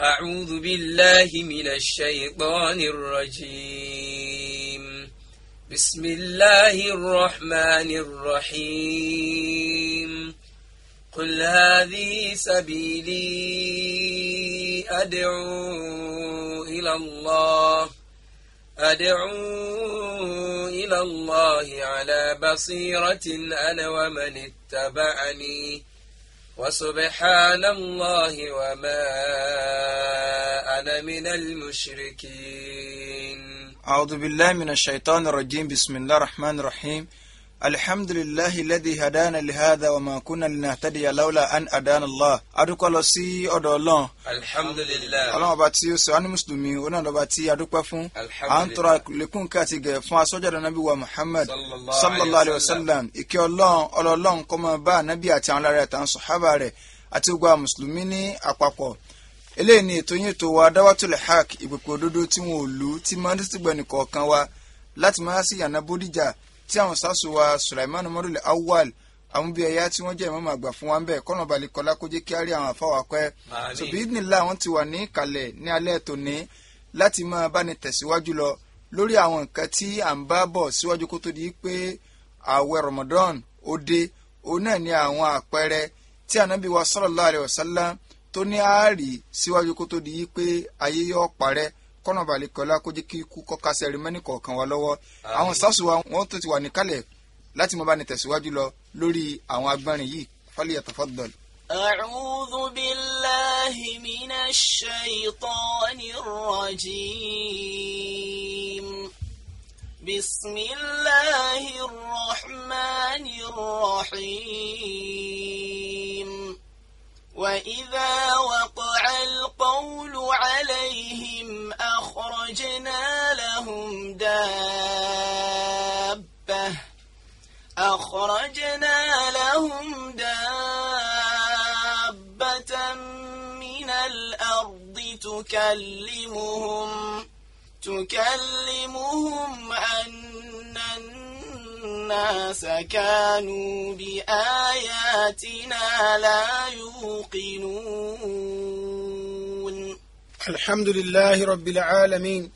أعوذ بالله من الشيطان الرجيم بسم الله الرحمن الرحيم قل هذه سبيلي أدعو إلى الله أدعو إلى الله على بصيرة أنا ومن اتبعني وسبحان الله وما أنا من المشركين أعوذ بالله من الشيطان الرجيم بسم الله الرحمن الرحيم الحمد لله الذي هدانا لهذا وما كنا لنهتدي لولا أن هدانا الله adúpẹ́ lọ sí ọ̀dọ̀ ọlọ́run. alhamdulilayi. ọlọ́run ọba tí ó sọ ánì mùsùlùmí oní ọ̀dọ̀ ọba tí adúpẹ́ fún. alhamdulilayi. à ń tọrọ àlékún kí àti gẹ̀ fún asọ́jàdá nàbí wa muhammad sallallahu alayhi wa sallam ìkẹ́ ọlọ́run ọlọ́run kó máa bá nàbí àti àwọn alára àtàwọn sọ̀hábà rẹ̀ àti gbogbo àwọn mùsùlùmí ní àpapọ̀. eléyìí ni ètò yín ètò wa dáwàtúlẹ̀ haq ìpèpè òdodo tí wọn ò lù tí máa ń tẹ́tí gbẹ̀nìkọ̀ọ̀kan wa láti máa sí yànnà bódìjà tí àwọn sásù wa Sulaiman mọ́dúlẹ̀ awal àwọn bíi ẹ̀yà tí wọ́n jẹ́ ìmọ̀ọ́mọ̀ àgbà fún wa ń bẹ̀ kọ́nà balẹ̀ kọ́lá kó jẹ́ kí á rí àwọn àfáwà pẹ́ tòbí nílá wọn ti wà ní kalẹ̀ ní alẹ́ tòní láti máa bá ní tẹ̀síwájú lọ lórí àwọn nǹkan tí à ń bá bọ̀ síwájú kó tó di pé ààwẹ̀ Ramadan ó dé òun náà ni àwọn àpẹẹrẹ tí ànábì wa sallallahu alaihi wasallam tó ní àárí síwájú kó tó di pé ayé yóò parẹ́ kọ́nà balẹ̀kọ́lá kó jẹ́ kí ikú kọ́ka sẹ́rìmẹ́nì kọ̀ọ̀kan wa lọ́wọ́ àwọn sars wa wọ́n tó ti wà níkàlẹ̀ láti mọ bá ní tẹ̀síwájú lọ lórí àwọn agbọ́nrin yìí falyatafaddal. أعوذ بالله من الشيطان الرجيم بسم الله الرحمن الرحيم وإذا وقع القول عليهم أخرجنا لهم دابة أخرجنا لهم دابة من الأرض تكلمهم تكلمهم أن الناس كانوا بآياتنا لا يوقنون الحمد لله رب العالمين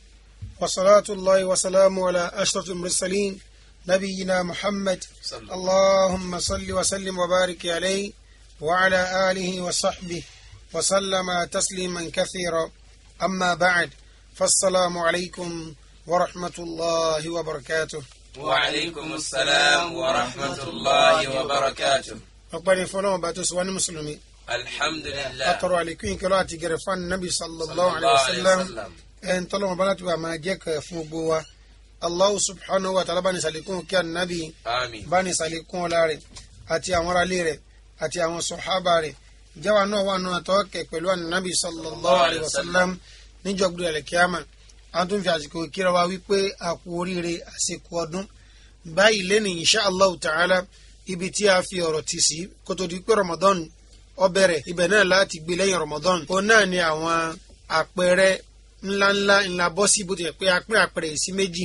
وصلاة الله وسلام على أشرف المرسلين نبينا محمد صلح. اللهم صل وسلم وبارك عليه وعلى آله وصحبه وسلم تسليما كثيرا أما بعد فالسلام عليكم ورحمة الله وبركاته waaleykum salaam wa rahmatulahi wa barakatu. ọpẹ́ ni fọlọ́wọ́n bá tó sọ wá ní mùsùlùmí. alhamdulilah. a tọrọ àlékún ìkẹlẹ́ àti gẹrẹ fún anabi sallallahu alayhi wa sallam ẹn tọ́lọ́mọ bá láti wà máa jẹ́ kẹ́ fún gbogbo wa allahu subhanahu wa ta'ala bá ní sàlékún kí anabi bá ní sàlékún ọlá rẹ̀ àti àwọn aráalé rẹ̀ àti àwọn sọ̀hábà rẹ̀ jáwa náà wà náà tọ́ kẹ̀ pẹ̀lú anabi sallallahu alayhi wa sallam níjọ́ gbúdọ̀ àlẹ́kíyàmá a tún fi àsìkò kíra wa wípé a kú oríire àsìkò ọdún báyìí lẹ́nu insha allah ta'ala ibi tí a fi ọ̀rọ̀ ti sí kó di pé ramadan ó bẹ̀rẹ̀ ibẹ̀ náà láti gbé lẹ́yìn ramadan òun náà ni àwọn àpẹẹrẹ ńláńlá ńlá bọ́ sí bó ti yẹ pé a pín àpẹẹrẹ sí méjì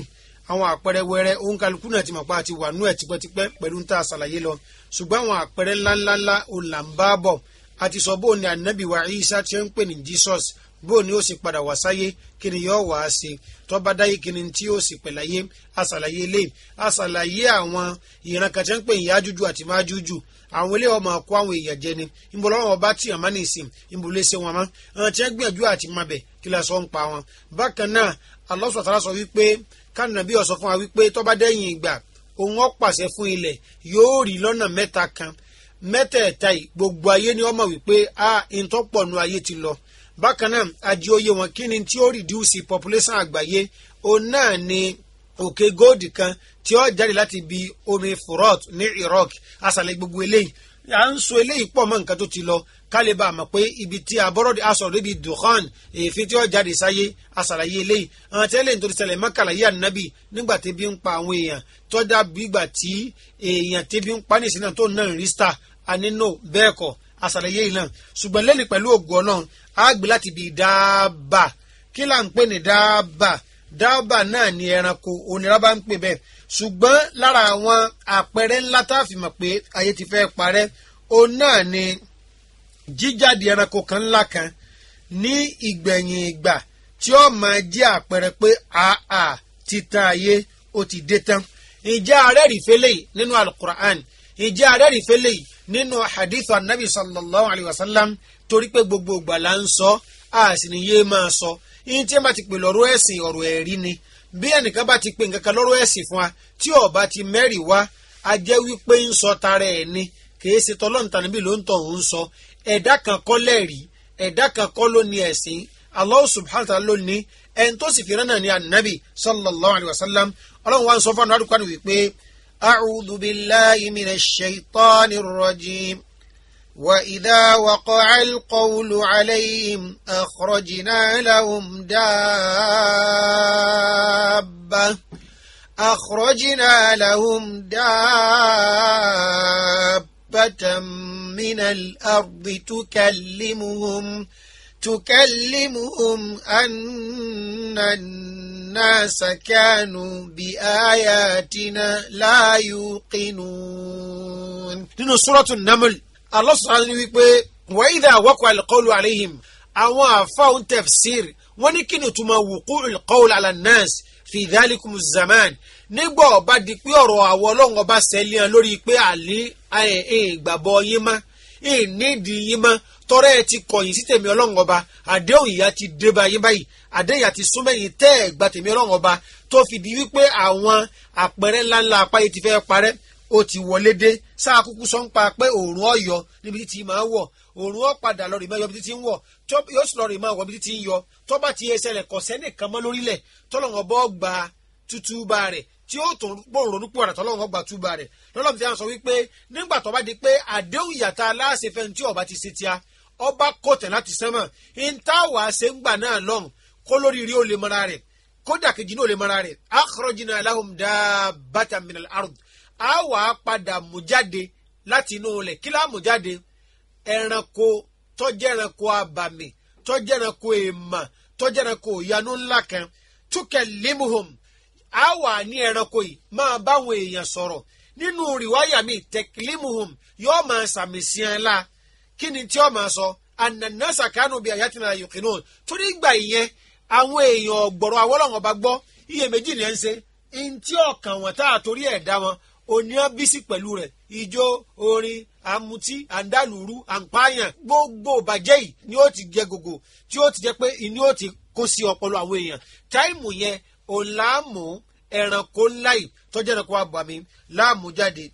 àwọn àpẹẹrẹ wẹrẹ òun kálukú náà ti mọ̀ pa àti wà nú ẹ̀ tipẹ́tipẹ́ pẹ̀lú ń tà àṣàlàyé lọ ṣùgbọ́n àwọn àpẹẹrẹ ńláńláńlá òun là ń bá bọ̀ àti sọ bóun ni ànábì wa Isa ti ń pè ní Jesus bó ni ó sì padà wá sáyé kí ni yóò wá sí tó bá dáyé kí ni tí ó sì pẹ̀láyé àṣàlàyé ilé àṣàlàyé àwọn ìran kan tí wọ́n ń pè ní Yájújù àti Májújù àwọn ilé ọmọ kó àwọn èèyàn jẹ ni ìmọ̀lọ́wọ́ ọba tí àmọ́ ní ìsìn ìmọ̀lẹ́sẹ̀ wọn mọ́ àwọn tí wọ́n gbìyànjú àti mabẹ̀ kí la sọ ń pa wọn. bákan náà Allah sọ wípé kánàbí ó sọ fún wa wípé tó dẹ́yìn ìgbà òun ó pàṣẹ fún ilẹ̀ yóò rí lọ́nà mẹ́ta kan mẹ́tẹ̀ẹ̀ta yìí gbogbo ayé ni ó wípé a ah, ìtọ́pọ̀ nu ayé ti lọ bákan náà àjẹ oyè wọn kí tí ó reduce population àgbáyé òun náà ni òkè góòdì kan tí ó jáde láti ibi omi furot ní Iraq asàlẹ̀ gbogbo eléyìí à ń so eléyìí pọ̀ mọ́ nǹkan tó ti lọ kálí bá a mọ̀ pé ibi tí abọ́rọ̀dì aṣọ níbi dukhan èéfín tí ó jáde sáyé aṣàlàyé eléyìí àwọn tẹ́lẹ̀ nítorí ṣẹlẹ̀ mọ́kànláyé ànábì nígbà tí bí ń pa àwọn èèyàn tọ́jà bígbà tí èèyàn tí bí ń pa nìsín náà tó náà ń rí star anínú bẹ́ẹ̀ kọ́ aṣàlàyé yìí náà ṣùgbọ́n lẹ́nu pẹ̀lú ògùn ọlọ́run á gbé láti ibi dáàbà kí là ń pè ní dáàbà dáàbà náà ni ẹranko oníràbà ń pè bẹ́ẹ̀ ṣùgbọ́n lára àwọn àpẹẹrẹ ńlá tá a fi mọ̀ pé ayé ti fẹ́ parẹ́ òun náà ni jíjáde ẹranko kan ńlá kan ní ìgbẹ̀yìn ìgbà tí ó máa jẹ́ àpẹẹrẹ pé àà títa ayé ó ti dé tán ìjà rẹ̀ rí fẹ́lẹ̀ nínú alukur'an ìjẹ́ adẹ́rìfẹ́lẹ́ yìí nínú hadith anabi sallallahu alayhi wa sallam torí pé gbogbo ìgbà la ń sọ a sì ní yé máa sọ yín tí ẹ bá ti pè lọ́rọ̀ ẹ̀sìn ọ̀rọ̀ ẹ̀rí ni bí ẹnìkan bá ti pè nǹkankan lọ́rọ̀ ẹ̀sìn fún wa tí ó bá ti mẹ́rì wá a jẹ́ wípé ń sọ tara ẹ̀ ni kìí ṣe tọ́lọ́ntàn níbí ló ń ń sọ ẹ̀dá kan kọ́ lẹ́rìí ẹ̀dá kan kọ́ ló ní ẹ̀sìn Allah subhanahu wa ló ní ẹni tó sì fi rán náà ní anabi sallallahu alayhi wa sallam ọlọ́run wa ń sọ fún àwọn arúgbó أعوذ بالله من الشيطان الرجيم وإذا وقع القول عليهم أخرجنا لهم دابة أخرجنا لهم دابة من الأرض تكلمهم تكلمهم أن الناس كانوا بآياتنا لا يوقنون دين سورة النمل الله سبحانه وتعالى وإذا وقع القول عليهم أو فاون تفسير ونكن تما وقوع القول على الناس في ذلك الزمان نبو بعد كيورو أولو وبس اللي لوري كي علي أي أي بابو يما ìnídìí yín mọ́ tọ́rẹ́ ẹ ti kọ̀yìn sí tèmi ọlọ́run ọba àdéhùn ìyá ti dé bá yín báyìí àdéhùn àti súnmẹ́yìn tẹ́ ẹ̀ gba tèmi ọlọ́run ọba tó fi di wípé àwọn àpẹẹrẹ ńláńlá apá yìí ti fẹ́ parẹ́ ó ti wọlé dé sáà kúkú sọ ń pa pé òòrùn ọ̀yọ́ níbi tí ti máa wọ̀ òòrùn ọ̀padà lọ́ọ̀rì máa yọ bí ti ń wọ̀ yóò sì lọ́ọ̀rì máa wọ̀ bí ti ń yọ tó bá ti ẹsẹ̀ rẹ̀ kọ̀sẹ́ nìkan mọ́ lórílẹ̀ tọ́lọ́wọ́n bọ́ gba tútú bá rẹ̀ tí ó tún gbòòrò nípò ọ̀rẹ́ tọ́lọ́wọ́ gba túbà rẹ̀ lọ́lọ́mù tí a sọ wípé nígbà tó bá di pé àdéhùn ìyàtà aláṣẹ fẹ́ tí ọba ti ṣe tí a ọba kòtẹ̀ láti sẹ́mọ̀ ìntàwà ṣe ń gbà náà lọ́hùn kó lórí rí ó lè mara rẹ̀ kódà kejì náà ó lè mara rẹ̀ akhrajna lahum dabbatan minal ard a wà á padà mú láti inú ilẹ̀ kí láà mú ẹranko tọ́jẹ́ ẹranko abàmì tọ́jẹ́ ẹranko èèmà tọ́jẹ́ ẹranko ìyanu ńlá a wà ní ẹranko yìí máa báwọn èèyàn sọ̀rọ̀ nínú rìwáyà mi tẹkílímùhùn yóò máa sàmì sí ẹ la kí ni tí ó máa sọ ànànàṣà kánú bíi àyàtìmọ̀ àyòkìnú torí ìgbà ìyẹn àwọn èèyàn ọ̀gbọ̀rọ̀ Awólọ́wọ̀ bá gbọ́ iyèméjì ni ẹ ń ṣe ntí ọkàn wọn tá a torí ẹ̀ dá wọn òní á bísí pẹ̀lú rẹ̀ ìjó orin àmutí àǹdálùrú àǹpáyàn gbogbo bàjẹ́ yìí ni ó ti jẹ gògò tí ó ti jẹ pé ni ó ti kó sí ọpọlọ àwọn èèyàn táìmù yẹn òun láàmú ẹranko ńlá yìí tọ́jú ẹranko abàmì láàmú jáde.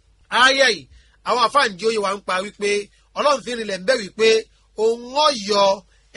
ayé yìí àwọn àfáàǹjì oyè wa ń pa wípé ọlọ́run fi rinlẹ̀ ń bẹ̀ wípé òun ọ̀yọ́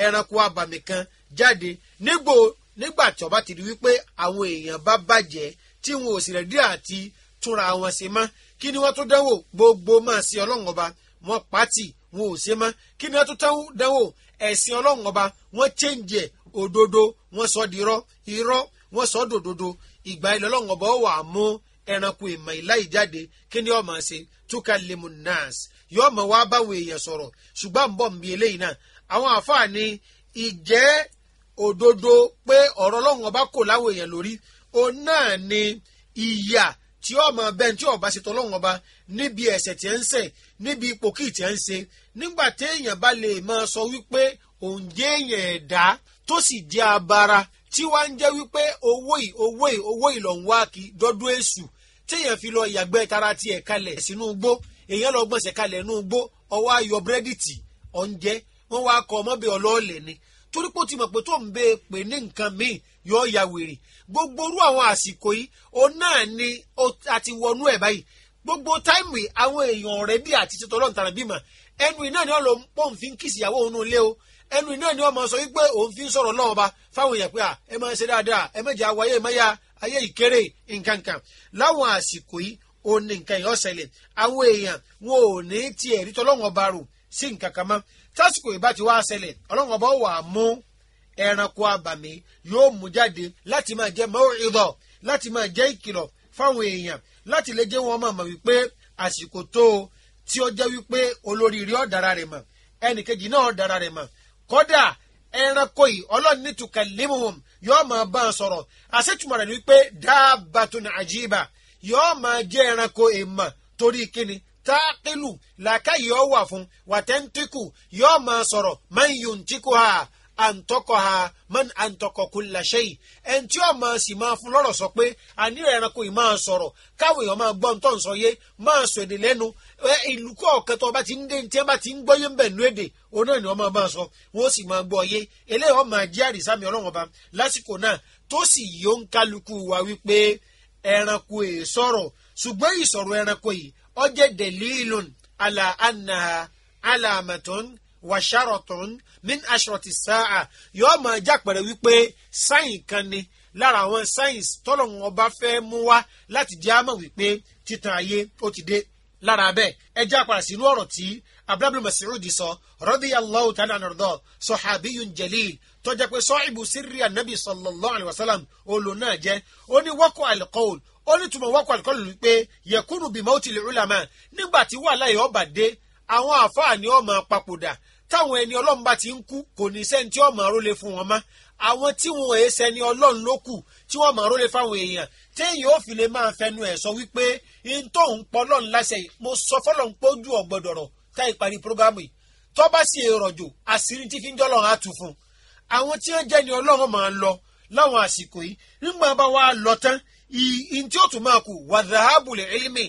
ẹranko abàmì kan jáde nígbò nígbà tí ọba ti di wípé àwọn èèyàn bá bàjẹ́ tí wọn ò sì rẹ̀ dí àti túnra wọn ṣe mọ́ kí ni wọ́n tún dánwò gbogbo máa ṣe ọlọ́run ọba wọn pàtì wọn ò ṣe mọ́ kí ni wọ́n tún dánwò ẹ̀sìn ọlọ́run ọba wọn chẹ́ǹjẹ̀ òdodo wọn sọ di irọ́ irọ́ wọ́n sọ dòdòdò ìgbà ilẹ̀ ọlọ́run ọba wà mú ẹranko ìmọ̀ ìláì jáde kí ni ọmọ ṣe túkà lemu nas yóò mọ̀ wá báwọn èèyàn sọ̀rọ̀ ṣùgbọ́n ń bọ̀ ń bi eléyìí náà àwọn àfáà ni ìjẹ́ òdodo pé ọ̀rọ̀ ọlọ́run ọba kò láwọn èèyàn lórí òun náà ni ìyà tí ọmọ bẹ́ẹ̀ tí ọba ṣètò ọlọ́run ọba níbi ẹ̀ṣẹ̀ tí ẹ ń ṣẹ̀ níbi ipò kí tí ẹ ń ṣe nígbà téèyàn bá lè máa sọ wípé òun jẹ́ èèyàn ẹ̀dá tó sì jẹ́ abara tí wàá ń jẹ́ wípé owó yìí owó yìí owó yìí lọ́n wá kí dọ́dún èṣù téèyàn fi lọ yàgbẹ́ tara tiẹ̀ kalẹ̀ sínú igbó èèyàn lọ gbọ̀nsẹ̀ kalẹ̀ nínú igbó ọwọ́ ayọ̀ búrẹ́dì tì ọ̀njẹ́ wọ́n wá kọ ọmọbẹ ọlọ́ọ̀lẹ̀ ni torí pé ó ti mọ̀ pé tó ń bẹ pè ní nǹkan míì yóò ya wèrè gbogbo orú àwọn àsìkò yìí òun náà ni a ti wọnú ẹ̀ báyìí gbogbo táìmù àwọn èèyàn rẹ̀ bí àti tètè bímọ ẹnu iná ni wọ́n lọ pọ́ǹfin kìsìyàwó òun nulẹ̀ o ẹnu iná ni wọn máa sọ wípé òun fi ń sọ̀rọ̀ lọ́wọ́ ba fáwọn èèyàn pé à ẹ máa ṣe dáadáa ẹ mẹjẹ awọ ayé mẹyà ayé ìkéré nkankan láwọn àsìkò yìí òun ní nǹkan yìí ọ̀sẹ̀lẹ̀ àwọn èèyàn wọn ò ní tiẹ̀ rí tọ́lọ́wọ́n ọba rò sí nǹkan kan mọ́ tásìkò yìí bá ti wá ṣẹlẹ̀ ọlọ́wọ́n ọba wà mú ẹranko abàmì yóò mú jáde láti máa jẹ́ mọ́ọ̀rìdọ̀ láti máa jẹ́ ìkìlọ̀ fáwọn èèyàn láti lè jẹ́ wọn máa mọ̀ wípé àsìkò tó tí ó jẹ́ wípé olóríire ó rẹ̀ mọ̀ ẹnìkejì náà ó rẹ̀ mọ̀ kọ́dà ẹranko yìí ọlọ́run ní limuhum yóò máa bá a sọ̀rọ̀ àṣetúmọ̀ rẹ̀ ni wípé dábàtún àjíìbà yóò máa jẹ́ ẹranko èèmọ̀ torí kíni táàkìlù làákàyè ọ̀ wà fún wàtẹ́ńtíkù yóò máa sọ̀rọ̀ máa ń yùn tíkù ha àǹtọkọha man àǹtọkọ kulla shay ẹni tí ó máa sì máa fún lọ́rọ̀ sọ pé àníyàn ẹranko yìí máa sọ̀rọ̀ káwọn èèyàn máa gbọ́ ń tọ́ ń sọ yé máa sọ èdè lẹ́nu ìlú ọba ti ń dé tí ti ń gbọ́ yé ń bẹ̀ nú èdè ni wọ́n máa lásìkò náà tó wa wípé min ashrati sáà yóò máa jápẹ̀rẹ̀ wípé sáyìn kan ni lára àwọn sáyìn tọ́lọ́run ọba fẹ́ mú wá láti jẹ́ àmọ̀ wípé títan ayé ó ti dé lára bẹ́ẹ̀ ẹ já padà sínú ọ̀rọ̀ tí abdul mas'ud sọ radiyallahu ta'ala anhu sahabiyun jalil tọ́jà pé sahibu sirri anabi sallallahu alayhi wa sallam olùn náà jẹ́ ó ní waqa'a al-qawl ó ní túmọ̀ waqa'a al-qawl wípé yakunu bi mawtil ulama nígbà tí wàhálà yìí ọba àwọn àfáà ni ó máa papòdà táwọn ẹni ọlọ́run bá ti ń kú kò ní sẹ́ni tí ọmọ arólé fún wọn mọ́ àwọn tí wọn èé sẹ́ni ọlọ́run ló kù tí wọ́n mọ̀ arólé fáwọn èèyàn téèyàn ò fi lè máa fẹnu ẹ̀ sọ wípé n tó ń pọ̀ lọ́n láṣẹ yìí mo sọ fọlọ́n pójú ọ̀gbọ̀dọ̀rọ̀ tá ìparí programu yìí tó bá sì èrò jò àṣírí tí fi ń jọ́lọ́run á tù fún àwọn tí wọ́n jẹ́ ni ọlọ́run máa ń lọ láwọn àsìkò yìí nígbà bá wa lọ tán ntí ó tún máa kù wàdàhábùlẹ̀ ẹ̀lẹ́mì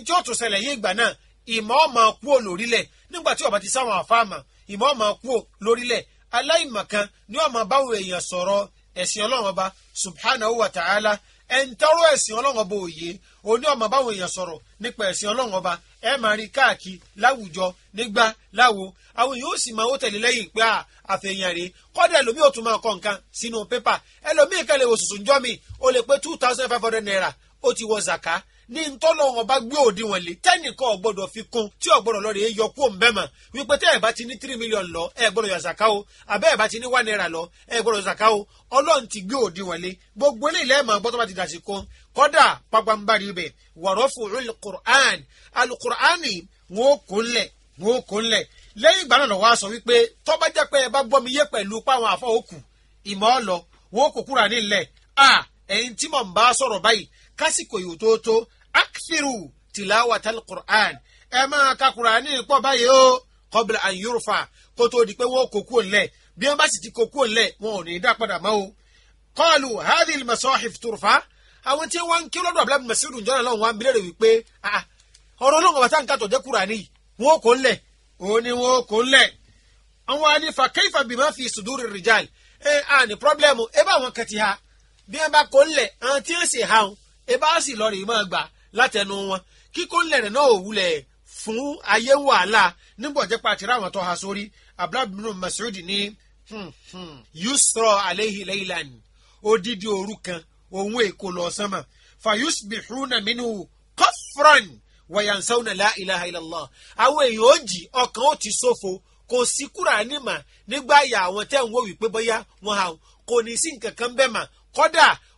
ntí ó tún ṣẹlẹ̀ yé ìgbà náà ìmọ̀ ọ́ máa kú òlòrílẹ̀ ìmọ̀ọ́mọ̀ kúò lórílẹ̀ aláìmọ̀kan ni wọ́n máa báwo èèyàn sọ̀rọ̀ ẹ̀sìn ọlọ́run ọba subhanahu wa ta'ala ẹ̀ńtọ́rọ̀ ẹ̀sìn ọlọ́run ọba òye òní ọmọ báwo èèyàn sọ̀rọ̀ nípa ẹ̀sìn ọlọ́run ọba ẹ máa rí káàkiri láwùjọ nígbà láwo àwọn èèyàn ó sì máa ó tẹ̀lé lẹ́yìn pé àfẹ̀yàn rèé kọ́dà ẹlòmíì ó tún máa kọ nǹkan sínú pépà ẹlòmíì kan lè wò sùsù mi ó lè pé two thousand five hundred naira ó ti wọ zaka ní ntọ́lọ́ wọn bá gbé òdi wọn lé tẹ́nìkan ọ̀gbọ́dọ̀ fi kún tí ọ̀gbọ́dọ̀ lọ́ọ́ rè é yọ kó ń bẹ́ mọ̀ wípé tẹ́ ẹ̀ bá ti ní three million lọ ẹ̀ gbọ́dọ̀ yọ zaka o àbẹ́ ẹ̀ bá ti ní one naira lọ ẹ̀ gbọ́dọ̀ zaka o ọlọ́run ti gbé òdi wọn lé gbogbo eléyìí lẹ́ẹ̀mọ̀ gbọ́dọ̀ bá ti dà sí kún kọ́dà pàgbàmbarì ibẹ̀ wọ̀rọ̀fù alukur'an alukur'ani wọn ò kún lẹ̀ wọn ò kún lẹ̀ lẹ́yìn ìgbà náà lọ́wọ́ a sọ wípé tọ́ba jẹ́ pé ẹ bá bọ́ mi yé kásìkò yìí tó tó akfiru tìláwà tal Qur'an ẹ máa ka Qur'an ní ìpọ̀ báyìí o kọ́bìlà an yurfa kó tó di pé wọ́n kó kúrò ńlẹ̀ bí wọ́n bá sì ti kó kúrò ńlẹ̀ wọn ò ní í dá padà mọ́ o. qalu hadhihi al-masahif turfa àwọn tí wọ́n ń kí lọ́dọ̀ abúlé masiru jọ́nà lọ́wọ́ wọn bílẹ̀ rẹ̀ wípé ọ̀rọ̀ olóńgbò bàtà nǹkan tó jẹ́ Qur'ani wọn kò ńlẹ̀ òun ni wọn kò ńlẹ̀ àwọn àlefa kẹfà bímọ fi sùdúrì rìjàl ẹ eh, à ní pọ́blẹ́mù ẹ bá wọn kẹtì ha bí wọn bá kó ńlẹ̀ àwọn tí wọn sì ha ebá sì lọ rèé máa gbà látẹnu wọn kíkó ńlẹ̀rẹ̀ náà ò wulẹ̀ fún ayé wàhálà nígbọ̀jẹ́pá àti ráwọn tó ha sórí abdulhamid masoud ní hmm, hmm, yusra aleyhi leilan odidi òru kan òun èkó lọ sánmà fayusbihuna minhu kọfran wayansawuna la ilaha illallah àwọn èèyàn ó jì ọkàn ó ti ṣòfò kò sí kúránì mà nígbà yà àwọn tẹ̀ ń wò wípé bóyá wọn hàn kò ní sí nǹkan kan bẹ́ẹ̀ mà kọ́dà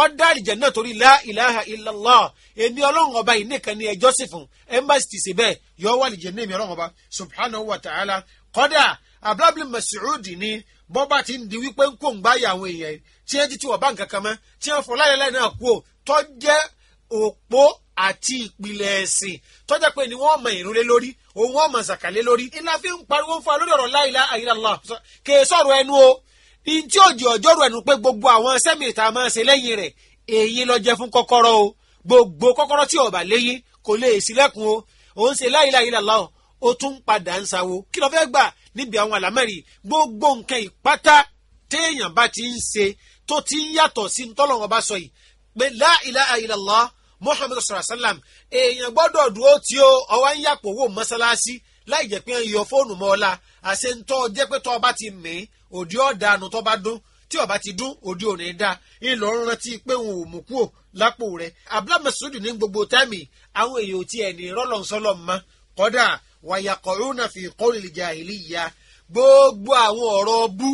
ọ̀dà àlìjẹ̀nà torí la ilaha illallah èmi ọlọ́run ọba yìí nìkan ni ẹjọ́ sì fún embassy ti ṣe bẹ́ẹ̀ yọ wà àlìjẹ̀nà èmi ọlọ́run ọba subhanahu wa ta'ala kọ́dà abdulhamid masoud ni bọ́ba ti ń di wípé ń kó ń gbáyà àwọn èèyàn tí ẹ ti ti wọ̀ bá nǹkan kan mọ́ tí ẹ fọ láyẹ̀lẹ́ náà kú o tó òpó àti ìpìlẹ̀ ẹ̀sìn tó pé ni wọ́n mọ ìrun lé lórí òun wọ́n mọ zàkà lórí iná fi ń pariwo fún wa lórí ọ̀rọ̀ la ntí òjì ọjọ́rò ẹnu pé gbogbo àwọn sẹ́mìrì tá a máa ṣe lẹ́yìn rẹ̀ èyí lọ jẹ fún kọ́kọ́rọ́ o gbogbo kọ́kọ́rọ́ tí ọba léyìn kò lè sílẹ̀kùn o òun ṣe láyìí láyìí o ó tún padà ń sawo kí ló fẹ́ gbà níbi àwọn àlámẹ́rì gbogbo nǹkan ìpátá téèyàn bá ti ń ṣe tó ti ń yàtọ̀ sí ntọ́lọ́wọ́n bá sọ yìí pé láìlá àìlàlá muhammadu sallam èèyàn gbọ́dọ̀ láì jẹ́ pé ń yọ fóònù mọ́ ọ́la àṣẹ ń tọ́ jẹ́ pé tọ́ ọba ti mì í òdi ọ̀dàánú tọ́ bá dún tí ọba ti dún òdi òní dá ńlọ rántí pé òun ò mú kúò lápò rẹ̀ abdullah masud ní gbogbo táìmì àwọn èèyàn ò tiẹ̀ ní rọ́lọ́nsọ́lọ́ mọ́ kọ́dà wàyàkọ̀rọ́nà fi kọ́lì jàhílíyà gbogbo àwọn ọ̀rọ̀ bú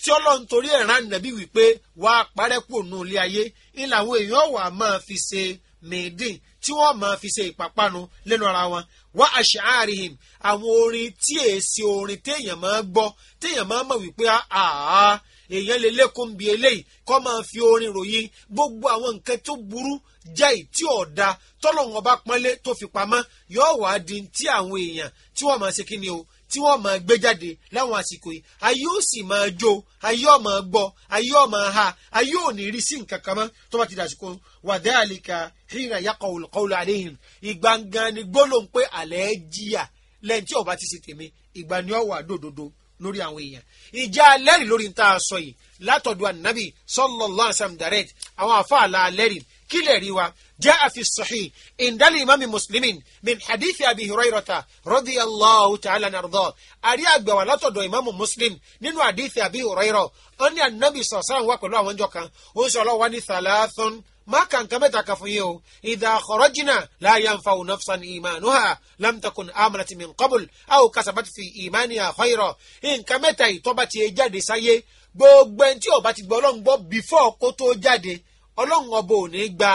tí ọlọ́run torí ẹ̀ rán nàbí wípé wàá parẹ́ kúò nù ilé ayé ńlá àwọn èèyàn wà máa fi ṣe mèédìn tí wọ́n máa fi ṣe ìpápánu lẹ́nu ara wọn wá àṣàárihìm àwọn orin tí èsì orin téèyàn máa gbọ́ téèyàn máa mọ̀ wípé àá èèyàn lè lékún bí eléyìí kọ́ máa fi orin ròyìn gbogbo àwọn nǹkan tó burú jẹ́ ìtí ọ̀dà tọ́lọ́wọ́n bá pọ́nlé tó fi pamọ́ yóò wá di ti àwọn èèyàn tí wọ́n máa ṣe kí ni o tí wọ́n máa gbé jáde láwọn àsìkò yìí ayé ó sì máa jó ayé ó máa gbọ́ ayé ó máa ha ayé ò ní rí sí nǹkan kan mọ́ tó bá ti dàsìkò wàdáàlìkà hìnà yàkọ̀ olùkọ́lù àdéhìn ìgbàngàn ni gbólóhùn pé àlẹ́ jìyà lẹ́yìn tí ọba ti ṣe tèmi ìgbà ni ọ̀wà dòdòdò lórí àwọn èèyàn ìjà alẹ́rìí lórí ń tá sọ yìí látọ̀dọ̀ ànábì sallallahu alaihi wasallam direct àwọn àfa àlà alẹ́rìí kílẹ̀ rí wa jaa fi sahih indali imami muslimin min hadithi abi hurayrata radiyallahu ta'ala nardo àrí àgbàwà látọ̀dọ̀ imamu muslim nínú hadithi abi hurayra ó ní anabi sọ̀sán wa pẹ̀lú àwọn ọjọ́ kan ó sọ ọlọ́wọ́ ní thalathun má kà nǹkan mẹ́ta kan fún yín o idha kharajna la yanfa'u nafsan imanuha lam takun amanat min qabl aw kasabat fi imaniha khayra nǹkan mẹ́ta yìí tó ti jáde sáyé gbogbo ẹni tí ó bá ti gbọ́ ọlọ́run gbọ́ bífọ́ kó tó ọlọ́run ọba ò ní gba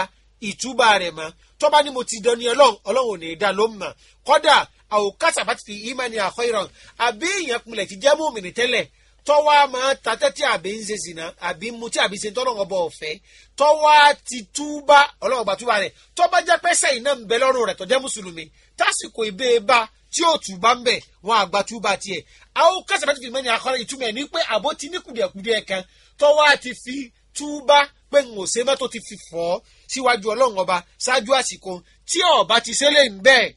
ìtúbà rẹ̀ mọ́ tọ́ba ni mo ti dán ní ọlọ́run ọlọ́run ò ní dá ló mọ̀ kọ́dà àwòkásà bá ti fi ìmánì àkọ́ ìrọ̀rùn àbí ìyẹn pinlẹ̀ ti jẹ́ mọ́mìnì tẹ́lẹ̀ tọ́wọ́ máa ta tẹ́tí àbí ń ṣe sìnà àbí mu tí àbí ṣe tọ́lọ́run ọba ọ̀fẹ́ tọ́wọ́ ti túbá ọlọ́run ọba túbá rẹ̀ tọ́ba jẹ́ pẹ́sẹ́ iná ń bẹ lọ́rùn rẹ̀ tọ́jẹ́ mùsùlùmí tásìkò ìbéè bá tí ó tù bá ń bẹ̀ wọn àgbà tú bá tiẹ̀. àwọn kẹsàn-án ti fi akọ́rẹ́ ìtumọ̀ ẹ̀ ní pé àbó ti ní kùdìẹ̀kùdìẹ̀ kan tọ́wọ́ ti fi tú pé n ò ṣe mọ́tò ti fi fọ́ síwájú ọlọ́run ọba ṣáájú àsìkò tí ọba ti ṣẹlẹ̀ ń bẹ́ẹ̀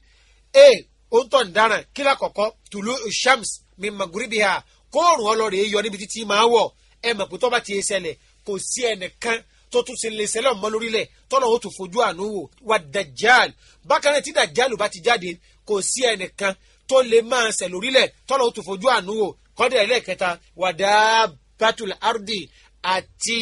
e òun tọ̀ ń dáràn kí lákọ̀ọ́kọ́ tùlú shams mi maguribiha kóòrùn ọlọ́rẹ̀ yọ níbi títí máa wọ̀ ẹ mọ̀ pé tọ́ba ti ṣẹlẹ̀ kò sí ẹnìkan tó tún ṣe lè ṣẹlẹ̀ ọmọ lórílẹ̀ tọ́nà ó tún fojú àánú wò wà dajjal bákan náà tí dajjal bá ti jáde kò sí ẹnìkan tó lè máa ṣẹ̀ lórílẹ̀ tọ́nà ó tún fojú àánú wò kọ́dẹ̀ ẹlẹ́ẹ̀kẹta wàdà batul ardi àti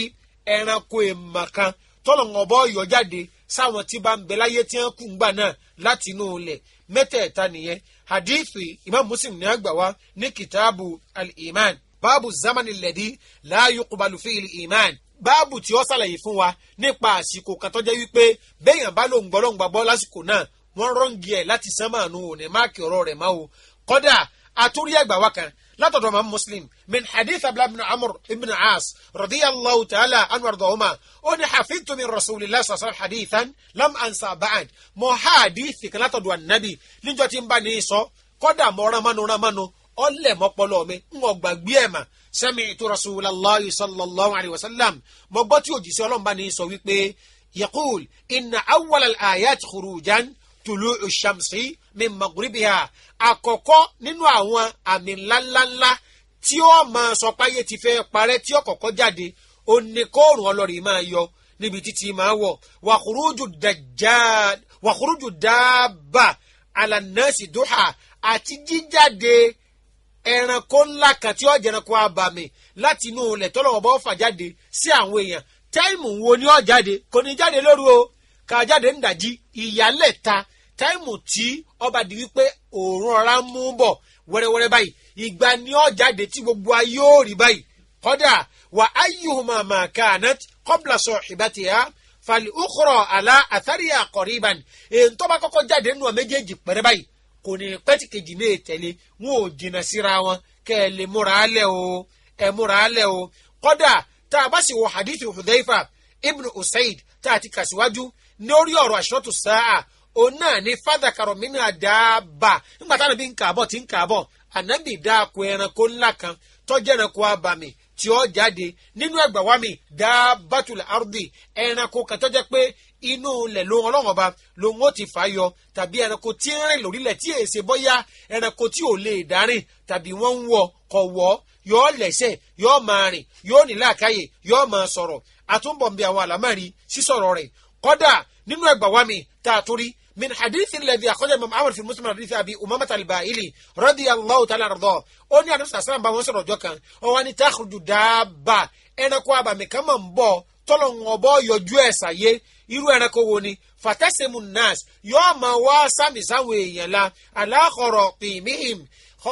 ẹranko ìmọ̀kan tọ́lọ̀ngàn bọ́ yọ jáde sáwọn tí bá ń bẹ láyé tí wọ́n kú ńgbà náà láti inú ilẹ̀ mẹ́tẹ̀ẹ̀ta nìyẹn hadithi imam muslim ní àgbà wa ní kitabu al-iman báàbù zamani lẹ́dí láàyò kubalufi al-iman báàbù tí ó ṣàlàyé fún wa nípa àsìkò kan tó jẹ́ wípé béèyàn bá lòun gbọ́ lòun gbàgbọ́ lásìkò náà wọ́n rọ́ǹgì ẹ̀ láti sánmà nù òní máàkì ọ̀rọ̀ rẹ̀ máa o kọ́dà àtúrí àgbà kan látọ̀dọ̀ mọ́ muslim min hadith abdullahi ibn amr ibn as radiyallahu ta'ala anwar dọ̀húnmá ó ní hafidtu min rasulillah sàṣà hadithan lam ansa ba'ad mọ hadith kan látọ̀dọ̀ anabi níjọ́ tí ń bá ní sọ kọ́dà mọ́ ramanu ramanu ọlẹ̀ mọ́pọ́lọ́ mi ń ọgbà gbé ẹ̀ mà sami'tu rasulallah sallallahu alayhi wa sallam mọ gbọ́ tí òjì sí ọlọ́mba ní sọ wípé yaqul inna awwal al-ayat khurujan tulu ash min magribiha àkọ́kọ́ nínú àwọn àmì ńláńláńlá tí ó máa sọ páyé ti fẹ́ parẹ́ tí ó kọ́kọ́ jáde ó ní kóòrùn ọlọ́rìí máa yọ níbi títí máa wọ̀ wàhúrújù dajjal wàhúrújù dáàbà alànàṣì dùhà àti jíjáde ẹranko ńlá kan tí ó jẹ ẹranko abàmì láti inú ilẹ̀ tọ́lọ́wọ́ bá fà jáde sí àwọn èèyàn táìmù wo ni ó jáde kò ní jáde lóru o kà jáde ń dàjí ìyálẹ̀ ta táìmù tí ọba di wípé òórùn ọ̀rá ń mú bọ̀ wẹ́rẹ́wẹ́rẹ́ báyìí ìgbà ni ó jáde tí gbogbo ayé ó rí báyìí kọ́dà wà áyùhùmá mà kàánát kọ́bla sọ ìbátí ha fàlì ókòrò àlá àtàrí àkọ̀rí ìbànú èyí tó bá kọ́kọ́ jáde nù ọ pẹ̀rẹ́ báyìí kò ní pẹ́tì kejì ní ètẹ̀lé wọn ò jìnnà síra wọn kẹ́ ẹ lè múra alẹ́ o ẹ múra alẹ́ o kọ́dà tá a bá sì wọ hadith Hudhaifa ibn Usaid tá a ti kà ní orí ọ̀rọ̀ àṣọ́tù sáà ona ni fada karomina dáàbà nígbà táwọn bí ń kàbọ̀ tí ń kàbọ̀ ànábì dáàkọ ẹranko ńlá kan tọ́jú ẹranko abàmì tí ó jáde nínú ẹgbà wa mi dábàtúlẹ̀ ardi ẹranko kan tó jẹ́ pé inú ilẹ̀ ló ń ọlọ́wọ́n ba lòun ó ti fà yọ tàbí ẹranko tí ń rìn lórílẹ̀ tí èsè bọ́yá ẹranko tí ò lè dárìn tàbí wọ́n ń wọ kọ̀ wọ́ yóò lẹ́sẹ̀ yóò máa rìn yóò ní làákàyè yóò máa sọ̀rọ̀ àtúnbọ̀nbí àwọn àlámàrí sísọ̀rọ̀ rẹ̀ kọ́dà nínú ẹgbà wa mi tá a من حديث الذي أخرجه الإمام عمر في المسلم حديث أبي أمامة الباهلي رضي الله تعالى رضاه ó ní àdúrà sàlám bá wọn sọ̀rọ̀ ọjọ́ kan ó wá ní táàkùjù dáàbà ẹranko àbàmì kan máa ń bọ̀ tọ́lọ̀ ń ọbọ̀ yọjú ẹ̀ sàyé irú ẹranko wo ni fatasimu nas yóò máa wá sàmì sáwọn èèyàn la aláhọ̀rọ̀ pìmíhìm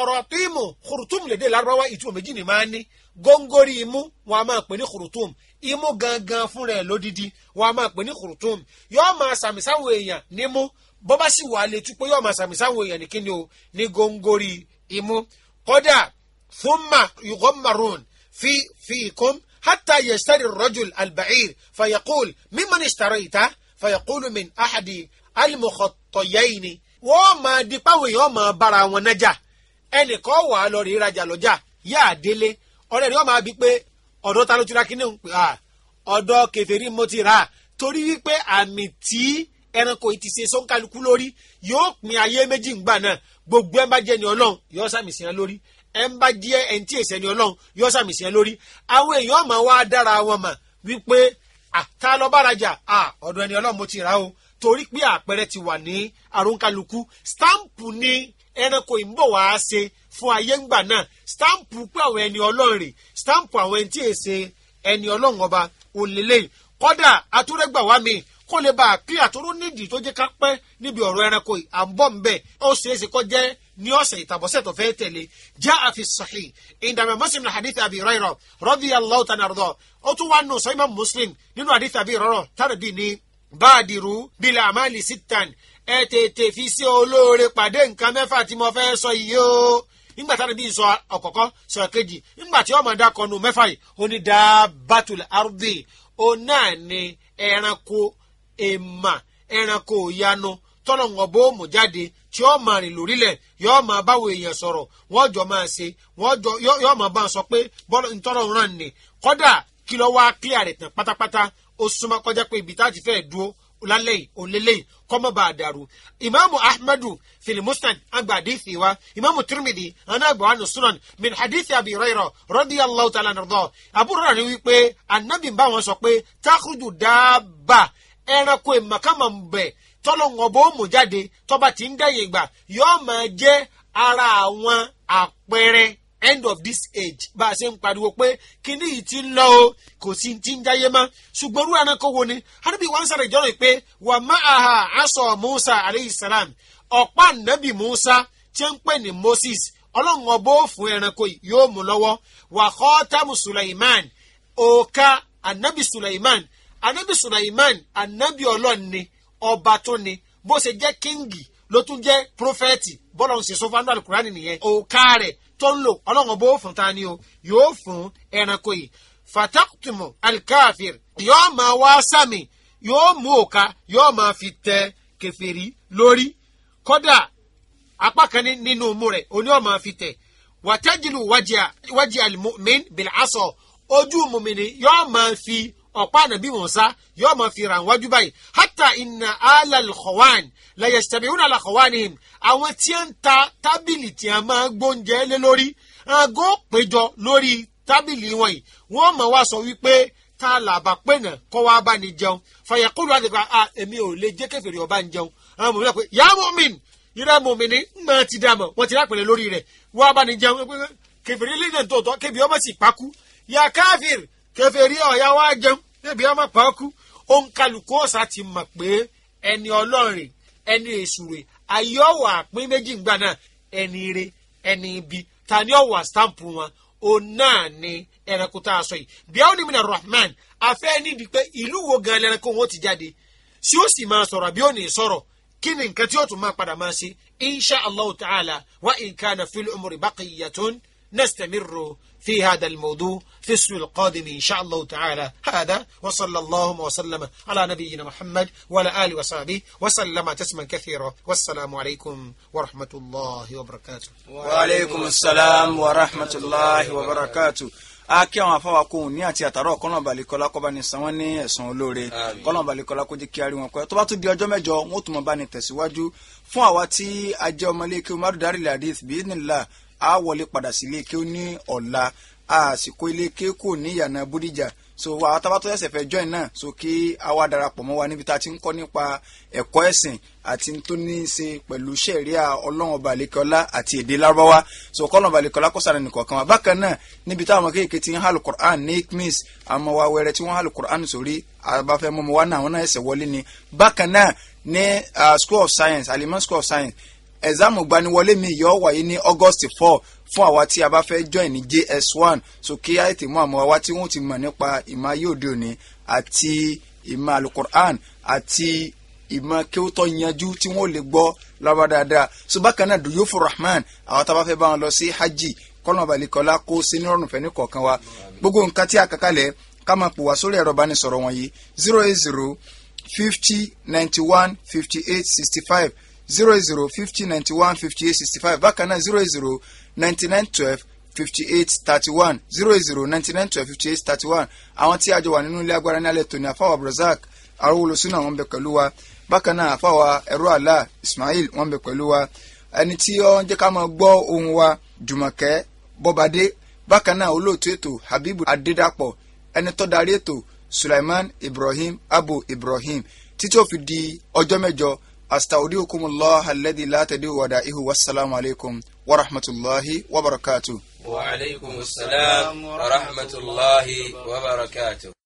ọ̀rọ̀ pìmù kùrùtùm lédè lárúbáwá ìtumọ̀ méjì ni máa ń ní góńgórí imú wọn a máa pè ní kùrùtùm imú gangan fún rẹ̀ lódidi wọ́n a máa pè ní kùrùtùm yóò máa sàmì sáwọn èèyàn nímú bó bá sì wà létí pé yóò máa sàmì sáwọn èèyàn ní kíni o ní góńgóri imú kódà thumma yughmarun fi fi ikum hatta yashtari rajul al-ba'ir fayaqul mimman ishtarayta fayaqulu min ahadi al-mukhattayayni wọ́n máa di páwọn èèyàn máa bára wọn nájà ẹnìkan wà á lọ rí ìrajà lọ́jà yáà délé ọ̀rẹ́ rẹ̀ wọ́n máa bí pé ọ̀dọ́ ta ló ti ra kíní òun pè á ọ̀dọ́ kẹfẹ́rí mo ti rà á torí wípé àmì tí ẹranko yìí ti ṣe sọ́nkálukú lórí yóò pin ayé méjì ńgbà náà gbogbo ẹ̀ bá jẹ́ ni ọlọ́run yóò sàmì sí ẹ lórí ẹ̀ ń bá jẹ́ ẹ̀ ń tí èsẹ̀ ni ọlọ́run yóò sàmì sí ẹ lórí àwọn èèyàn máa wá dára wọn mà wípé àtà lọ bárajà ọ̀dọ̀ ẹni ọlọ́run mo ti rà o torí pé àpẹẹrẹ ti wà ní àrùnkálukú stamp ni ẹranko yìí ń bọ̀ wá ṣe fún ayé ńgbà náà stampu pé àwọn ẹni ọlọ́run rè stampu àwọn ẹni tí è ṣe ẹni ọlọ́run ọba òlélẹ́yìn kọ́dà atúrẹ́gbà mi kó lè bá a pí àtúrò nídìí tó jẹ́ ká pẹ́ níbi ọ̀rọ̀ ẹranko yìí à ń bọ̀ ń bẹ̀ ó ṣeéṣe kó jẹ́ ní ọ̀sẹ̀ ìtàbọ̀sẹ̀ tó fẹ́ tẹ̀lé já àfi sọ̀hì ìdàmẹ́ muslim ní àbí rẹ́rọ̀ rọ́bì allah tani àrùdọ̀ ó tún wá nù sọ́yìnbá muslim nínú hadith àbí rọ́rọ̀ tàbí bíi ní báàdìrú bílẹ̀ àmàlì sitan ẹ tètè fi sí olóore pàdé nǹkan mẹ́fà tí mo fẹ́ sọ yìí o nígbà bi ibi sọ ọ̀kọ̀kọ́ sọ kejì nígbà tí ọmọ ẹ̀dá kọnu mẹ́fà yìí onídàábàtúlẹ arúgbó òun naa ni ẹranko èèmà ẹranko ìyanu tọ́lọ̀wọ̀n bó mú jáde tí ó máa rìn lórílẹ̀ yóò máa báwo èèyàn sọ̀rọ̀ wọ́n jọ máa ṣe wọ́n jọ yóò máa bá a sọ pé ntọ́lọ̀ ràn ní kọ́dà kí lọ́ wá pátápátá ó súnmọ́ kọjá ibi tá a ti lálẹ́ yìí òlélẹ́ yìí kọ́mọ́ bá a dàrú. ìmáàmù ahmadu filimusan agba àdìsí wa ìmáàmù tirimidi anagba anu sunan min hadithi abi rayro rọ́dí allahu ta'ala nàrdọ́ àbúrò rẹ̀ ni wípé anabi bá wọn sọ pé takurudu dábà ẹranko ìmọ̀kàmọ̀ ń bẹ̀ tọ́lọ̀ ọ̀bọ̀ ó mú jáde tọ́ba ti ń dẹ́yìn gbà yọ́ọ́ máa jẹ́ ara àwọn àpẹẹrẹ end of this age bá a ṣe ń pariwo pé kíní yìí ti ń lọ o kò sí ti ń jáyé mọ́ ṣùgbọ́n orú ẹranko wo ni hanabi wọn sáré ìjọ́rọ̀ pé wà má aha aṣọ musa aleyhi salam ọ̀pá nàbì musa tí ń pè ní moses ọlọ́run ọbọ̀ òfin ẹranko yóò mú lọ́wọ́ wà khatamu suleiman òòka anabi suleiman anabi suleiman anabi ọlọ́run ni ọba tó ni bó ṣe jẹ́ kíngì ló tún jẹ́ prófẹ́tì bọ́lá ń ṣe sọ fún anú alukurani nìyẹn òòka rẹ̀ tó ń lò ọlọ́run bó fún ta ni o yóò fún ẹranko yìí fatakutumu alikafir yóò máa wá sàmì yóò mú òka yóò máa fi tẹ kẹfẹ́rí lórí kódà apá kan nínú mú rẹ̀ oní ọ̀ máa fi tẹ̀ wàtẹ́jìlú wájì alimumin bil ojú mumini yóò máa fi ọ̀pá ànàbí Mùsá yóò máa fi ràn wájú báyìí hátà ìnà alal kọ̀wán lẹ́yìn ṣẹ̀bí ìhùn àlà kọ̀wán ni àwọn tí ń ta tábìlì tí a máa gbóúnjẹ lé lórí àgọ́ péjọ lórí tábìlì wọn yìí wọ́n máa wá sọ wípé tá a làbà pé nà kọ́ wá bá ní jẹun fàyàkúrò àti pa à ah, èmi ò lè jẹ́ kẹfìrì ọba ń jẹun àwọn mòmìnira pé yà á mòmìn ìrà mòmìn ni ń máa ti dà mọ̀ wọ́n ti rápẹ̀lẹ̀ lórí rẹ̀ wá bá ní jẹun kẹfìrì lẹ́yìn tó tọ́ kẹfìrì ọmọ sì pákú yà káfìrì kẹfìrì ọ̀yà wá jẹun níbi ọmọ pàákú òǹkàlùkù ọ̀sà ti mọ̀ pé ẹni ọlọ́rin ẹni èsùrè ayé ọ̀wà pín méjì ńgbà náà ẹni ire ẹni ibi ta ni ọ̀wà stamp wọn òun náà ni ẹranko tá a sọ yìí bí àwọn onímọ̀ rahman afẹ́ níbi pé ìlú wo gan ẹranko wọn ti jáde tí ó sì máa sọ̀rọ̀ àbí ò ní sọ̀rọ̀ kí ni nǹkan tí ó tún máa padà máa ṣe insha allah ta'ala wa in kana fil umri baqiyatun في هذا الموضوع في السنة القادمة إن شاء الله تعالى هذا وصلى الله وسلم على نبينا محمد وعلى آله وصحبه وسلم تسما كثيرا والسلام عليكم ورحمة الله وبركاته وعليكم السلام ورحمة الله وبركاته a kí àwọn afáwakóhùn ní àti àtàrọ kọlọn balikọlá kọba ní san wọn ní ẹ̀san olóore kọlọn balikọlá kó jẹ́ kí a rí wọn pẹ́ tó bá tún di ọjọ́ mẹ́jọ wọn ó tún mọ bá ní tẹ̀síwájú fún àwa tí a jẹ́ ọmọlé kí umaru ladith bíi nílá a wọlé padà sí ilé kí ó ní ọ̀la àsìkò ilé kí kò ní ìyànà bódìjà so àwọn tábàtọ́ ẹsẹ̀ fẹ́ join náà so kí a wá darapọ̀ mọ́ wa níbi tá a ti ń kọ́ nípa ẹ̀kọ́ ẹ̀sìn àti tó ní í ṣe pẹ̀lú sẹ̀ríà ọlọ́run balẹ̀kọ́lá àti èdè lárúbáwá so kọ́lọ́run balẹ̀kọ́lá kó sàrẹ̀ nìkọ̀ọ̀kan wa bákan náà níbi táwọn kéèké ti ń hàlù Qur'an ní ikmis àmọ́ wa wẹrẹ tí wọ́n hàlù Qur'an sórí àbáfẹ́ mọ́mọ́ wa náà àwọn náà ẹsẹ̀ wọlé ni bákan náà ní ah, school of science alimọ̀ school of science ẹ̀sáàmù gbaniwọlé mi yóò wáyé ní August four fún àwa tí a bá fẹ́ join ní JS1 so kí á tètè mú àmọ́ wa tí wọ́n ti mọ̀ nípa ìmọ̀ ayé òde òní àti ìmọ̀ alukur'an àti ìmọ̀ kí ó tọ́ yanjú tí wọ́n lè gbọ́ lọ́wọ́ dáadáa so bákan náà dùyófù rahman àwọn tá a bá fẹ́ bá wọn lọ sí hajj kọ́nà balikọ́lá kó sínú ọ̀rùn fẹ́ ní kọ̀ọ̀kan wa gbogbo nǹkan tí a kà kalẹ̀ ká máa pò wá sórí ẹ̀rọ ìbánisọ̀rọ̀ wọ̀nyí zero eight zero fifty ninety one fifty eight sixty five zero zero fifty ninety one fifty eight sixty five bákan náà zero zero ninety nine twelve fifty eight thirty one zero zero ninety nine twelve fifty eight thirty one àwọn tí àjọ wà nínú ilé agbára ní alẹ́ tòní àfáwà abdulrasaq arúgbólosúnà wọn bẹ pẹ̀lú wa bákan náà àfáwà ẹ̀rọ àlá ismail wọn bẹ pẹ̀lú wa ẹni tí ó ń jẹ́ ká máa gbọ́ ohun wa jùmọ̀kẹ́ bọ́badé bákan náà olóòtú ètò habibu adédàpọ̀ ẹni tó darí ètò sulaiman ibrahim abu ibrahim títí ó fi di ọjọ́ mẹ́jọ أستودعكم الله الذي لا تدعو ودائه والسلام عليكم ورحمة الله وبركاته وعليكم السلام ورحمة الله وبركاته